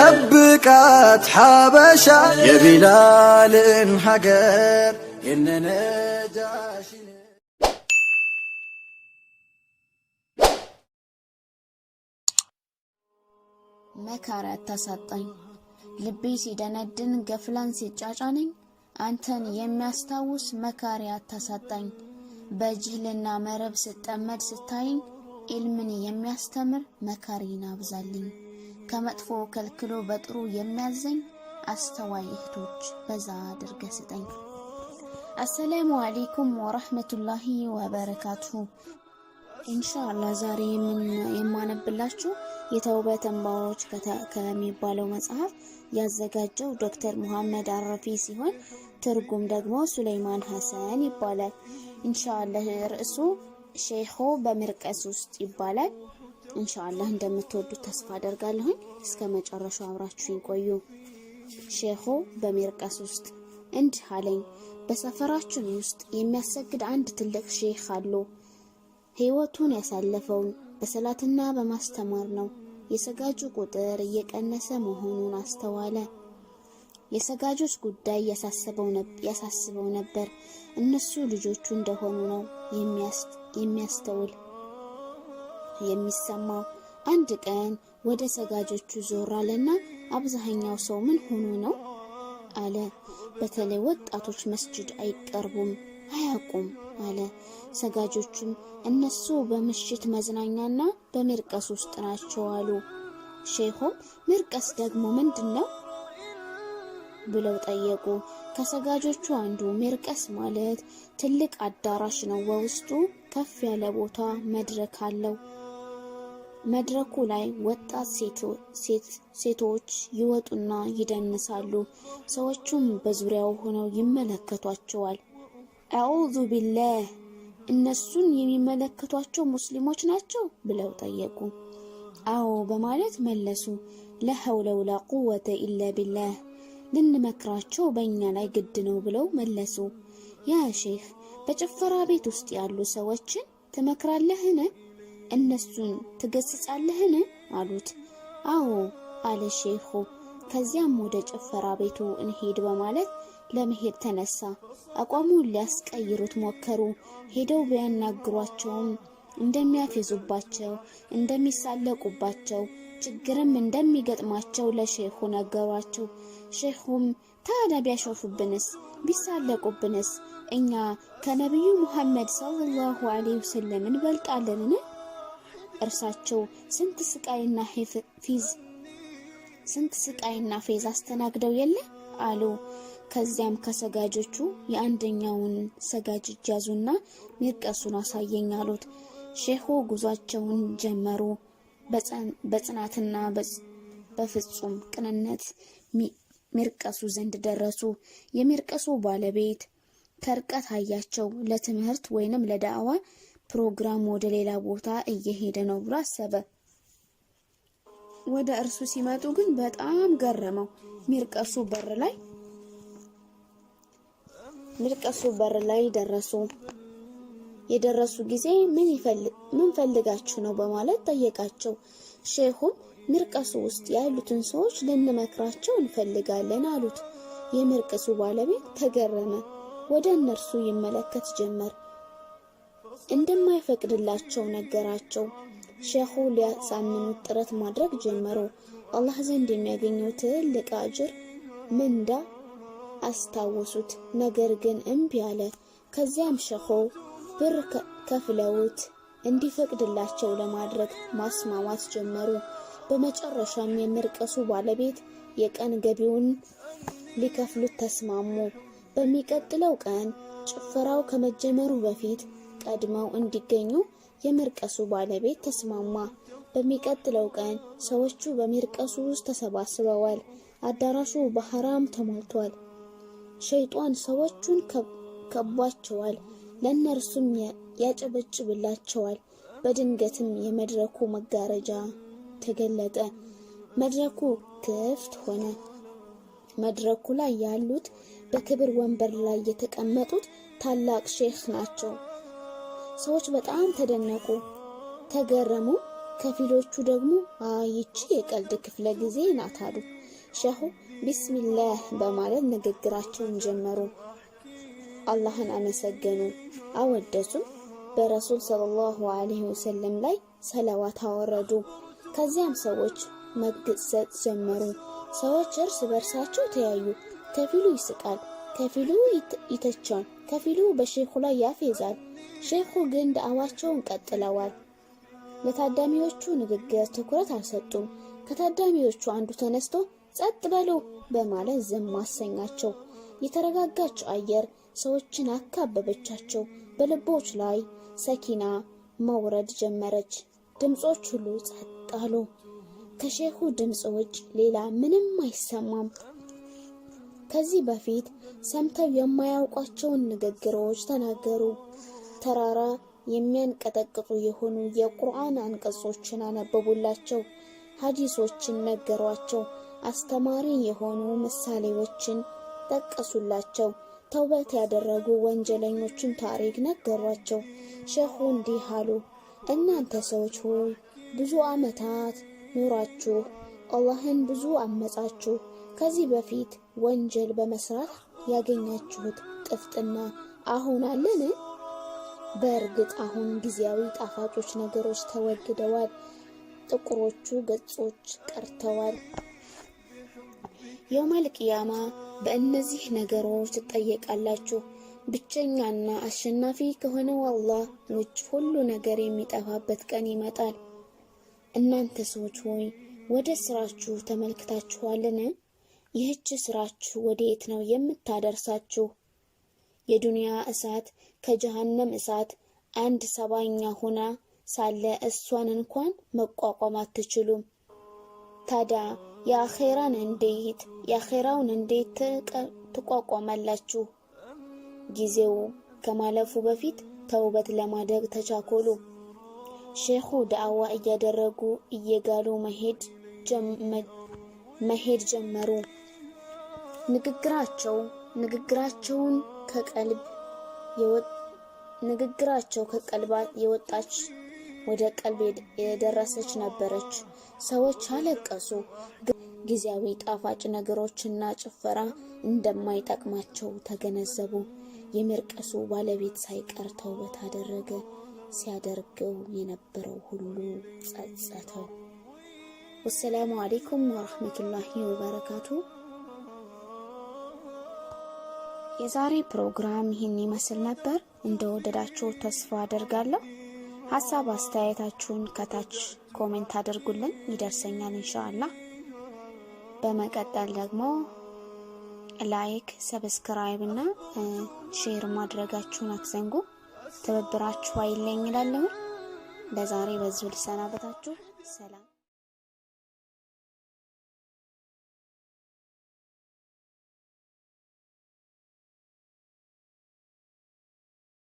ጠብቃት ሓበሻ የቢላልን ሀገር የነነጃሽ መካሪ አታሳጣኝ ልቤ ሲደነድን ገፍላን ሲጫጫነኝ አንተን የሚያስታውስ መካሪያ አታሳጣኝ በጅህልና መረብ ስጠመድ ስታይኝ ኢልምን የሚያስተምር መካሪን አብዛልኝ። ከመጥፎ ከልክሎ በጥሩ የሚያዘኝ አስተዋይ እህቶች በዛ አድርገ ስጠኝ። አሰላሙ አሌይኩም ወረህመቱላሂ ወበረካቱሁ። ኢንሻአላህ ዛሬ የማነብላችሁ የተውበት እንባዎች ከሚባለው መጽሐፍ ያዘጋጀው ዶክተር መሐመድ አረፊ ሲሆን ትርጉም ደግሞ ሱለይማን ሀሰን ይባላል። ኢንሻአላህ ርዕሱ ሼሆ በመርቀስ ውስጥ ይባላል። ኢንሻአላህ እንደምትወዱት ተስፋ አደርጋለሁኝ። እስከ መጨረሻው አብራችሁኝ ቆዩ። ሼሆ በመርቀስ ውስጥ እንዲህ አለኝ። በሰፈራችን ውስጥ የሚያሰግድ አንድ ትልቅ ሼህ አሉ። ህይወቱን ያሳለፈውን በሰላትና በማስተማር ነው። የሰጋጁ ቁጥር እየቀነሰ መሆኑን አስተዋለ። የሰጋጆች ጉዳይ ያሳስበው ነበር። እነሱ ልጆቹ እንደሆኑ ነው የሚያስተውል የሚሰማው። አንድ ቀን ወደ ሰጋጆቹ ዞር አለና አብዛኛው ሰው ምን ሆኖ ነው አለ። በተለይ ወጣቶች መስጅድ አይቀርቡም አያውቁም አለ። ሰጋጆቹም እነሱ በምሽት መዝናኛና በሚርቀስ ውስጥ ናቸው አሉ። ሼሆም ሚርቀስ ደግሞ ምንድን ነው ብለው ጠየቁ። ከሰጋጆቹ አንዱ ሜርቀስ ማለት ትልቅ አዳራሽ ነው። በውስጡ ከፍ ያለ ቦታ መድረክ አለው። መድረኩ ላይ ወጣት ሴቶች ይወጡና ይደንሳሉ። ሰዎቹም በዙሪያው ሆነው ይመለከቷቸዋል። አዑዙ ቢላህ እነሱን የሚመለከቷቸው ሙስሊሞች ናቸው ብለው ጠየቁ። አዎ በማለት መለሱ። ላ ወላ ቁወተ ኢላ ቢላህ ልንመክራቸው በእኛ ላይ ግድ ነው ብለው መለሱ። ያ ሼህ በጭፈራ ቤት ውስጥ ያሉ ሰዎችን ትመክራለህን? እነሱን ትገስጻለህን? አሉት። አዎ አለ ሼሁ። ከዚያም ወደ ጭፈራ ቤቱ እንሄድ በማለት ለመሄድ ተነሳ። አቋሙን ሊያስቀይሩት ሞከሩ። ሄደው ቢያናግሯቸውም እንደሚያፌዙባቸው፣ እንደሚሳለቁባቸው፣ ችግርም እንደሚገጥማቸው ለሼሁ ነገሯቸው። ሼኹም ታዲያ ቢያሾፉብንስ ቢሳለቁብንስ እኛ ከነቢዩ ሙሐመድ ሰለላሁ ዐለይሂ ወሰለም እንበልጣለንን? እርሳቸው ስንት ስቃይና ፌዝ ስንት ስቃይና ፌዝ አስተናግደው የለ አሉ። ከዚያም ከሰጋጆቹ የአንደኛውን ሰጋጅ እጅ ያዙና ሚርቀሱን አሳየኝ አሉት። ሼኹ ጉዟቸውን ጀመሩ። በጽናትና በፍጹም ቅንነት ሜርቀሱ ዘንድ ደረሱ። የሜርቀሱ ባለቤት ከርቀት አያቸው። ለትምህርት ወይንም ለዳዕዋ ፕሮግራም ወደ ሌላ ቦታ እየሄደ ነው ብሎ አሰበ። ወደ እርሱ ሲመጡ ግን በጣም ገረመው። ሜርቀሱ በር ላይ ሜርቀሱ በር ላይ ደረሱ። የደረሱ ጊዜ ምን ፈልጋችሁ ነው በማለት ጠየቃቸው። ሼሁም ምርቀሱ ውስጥ ያሉትን ሰዎች ልንመክራቸው እንፈልጋለን አሉት። የምርቀሱ ባለቤት ተገረመ። ወደ እነርሱ ይመለከት ጀመር። እንደማይፈቅድላቸው ነገራቸው። ሼኹ ሊያሳምኑት ጥረት ማድረግ ጀመሩ። አላህ ዘንድ የሚያገኘው ትልቅ አጅር ምንዳ አስታወሱት። ነገር ግን እምቢ አለ። ከዚያም ሼኹ ብር ከፍለውት እንዲፈቅድላቸው ለማድረግ ማስማማት ጀመሩ። በመጨረሻም የምርቀሱ ባለቤት የቀን ገቢውን ሊከፍሉት ተስማሙ። በሚቀጥለው ቀን ጭፈራው ከመጀመሩ በፊት ቀድመው እንዲገኙ የመርቀሱ ባለቤት ተስማማ። በሚቀጥለው ቀን ሰዎቹ በሚርቀሱ ውስጥ ተሰባስበዋል። አዳራሹ በሐራም ተሞልቷል። ሸይጧን ሰዎቹን ከቧቸዋል፣ ለእነርሱም ያጨበጭብላቸዋል። በድንገትም የመድረኩ መጋረጃ ተገለጠ። መድረኩ ክፍት ሆነ። መድረኩ ላይ ያሉት በክብር ወንበር ላይ የተቀመጡት ታላቅ ሼህ ናቸው። ሰዎች በጣም ተደነቁ፣ ተገረሙ። ከፊሎቹ ደግሞ አይቺ የቀልድ ክፍለ ጊዜ ናት አሉ። ቢስሚላህ በማለት ንግግራቸውን ጀመሩ። አላህን አመሰገኑ፣ አወደሱ። በረሱል ሰለላሁ ዐለይሂ ወሰለም ላይ ሰለዋት አወረዱ። ከዚያም ሰዎች መግሰጽ ጀመሩ። ሰዎች እርስ በርሳቸው ተያዩ። ከፊሉ ይስቃል፣ ከፊሉ ይተቻል፣ ከፊሉ በሼኹ ላይ ያፌዛል። ሼኹ ግን ዳዕዋቸውን ቀጥለዋል። ለታዳሚዎቹ ንግግር ትኩረት አልሰጡም። ከታዳሚዎቹ አንዱ ተነስቶ ጸጥ በሉ በማለት ዝም አሰኛቸው። የተረጋጋች አየር ሰዎችን አካበበቻቸው። በልቦች ላይ ሰኪና መውረድ ጀመረች። ድምጾች ሁሉ ጸጥ ጣሉ። ከሼሁ ድምፅ ውጭ ሌላ ምንም አይሰማም። ከዚህ በፊት ሰምተው የማያውቋቸውን ንግግሮች ተናገሩ። ተራራ የሚያንቀጠቅጡ የሆኑ የቁርአን አንቀጾችን አነበቡላቸው። ሀዲሶችን ነገሯቸው። አስተማሪ የሆኑ ምሳሌዎችን ጠቀሱላቸው። ተውበት ያደረጉ ወንጀለኞችን ታሪክ ነገሯቸው። ሼሁ እንዲህ አሉ፣ እናንተ ሰዎች ሆይ ብዙ ዓመታት ኑራችሁ! አላህን ብዙ አመጻችሁ። ከዚህ በፊት ወንጀል በመስራት ያገኛችሁት ቅፍጥና አሁን አለን? በእርግጥ አሁን ጊዜያዊ ጣፋጮች ነገሮች ተወግደዋል። ጥቁሮቹ ገጾች ቀርተዋል። የውመል ቂያማ በእነዚህ ነገሮች ትጠየቃላችሁ። ብቸኛና አሸናፊ ከሆነው አላህ ውጭ ሁሉ ነገር የሚጠፋበት ቀን ይመጣል። እናንተ ሰዎች ሆይ ወደ ስራችሁ ተመልክታችኋልን? ይህች ስራችሁ የት ነው የምታደርሳችሁ? የዱንያ እሳት ከጀሃነም እሳት አንድ ሰባኛ ሆና ሳለ እሷን እንኳን መቋቋም አትችሉም። ታዲያ የአኼራን እንዴት የአኼራውን እንዴት ትቋቋማላችሁ? ጊዜው ከማለፉ በፊት ተውበት ለማደግ ተቻኮሉ። ሼኹ ዳዕዋ እያደረጉ እየጋሉ መሄድ ጀመሩ። ንግግራቸው ንግግራቸውን ከቀልብ ንግግራቸው ከቀልባ የወጣች ወደ ቀልብ የደረሰች ነበረች። ሰዎች አለቀሱ። ጊዜያዊ ጣፋጭ ነገሮችና ጭፈራ እንደማይጠቅማቸው ተገነዘቡ። የመርቀሱ ባለቤት ሳይቀር ተውበት አደረገ። ሲያደርገው የነበረው ሁሉ ጸጸተው። ወሰላሙ አሌይኩም ወረህመቱላሂ ወበረካቱ። የዛሬ ፕሮግራም ይህን ይመስል ነበር። እንደወደዳችሁ ተስፋ አደርጋለሁ። ሀሳብ አስተያየታችሁን ከታች ኮሜንት አድርጉልን፣ ይደርሰኛል ኢንሻአላህ። በመቀጠል ደግሞ ላይክ፣ ሰብስክራይብ እና ሼር ማድረጋችሁን አትዘንጉ። ትብብራችሁ አይለኝ እላለሁ። ለዛሬ በዚሁ ልሰናበታችሁ። ሰላም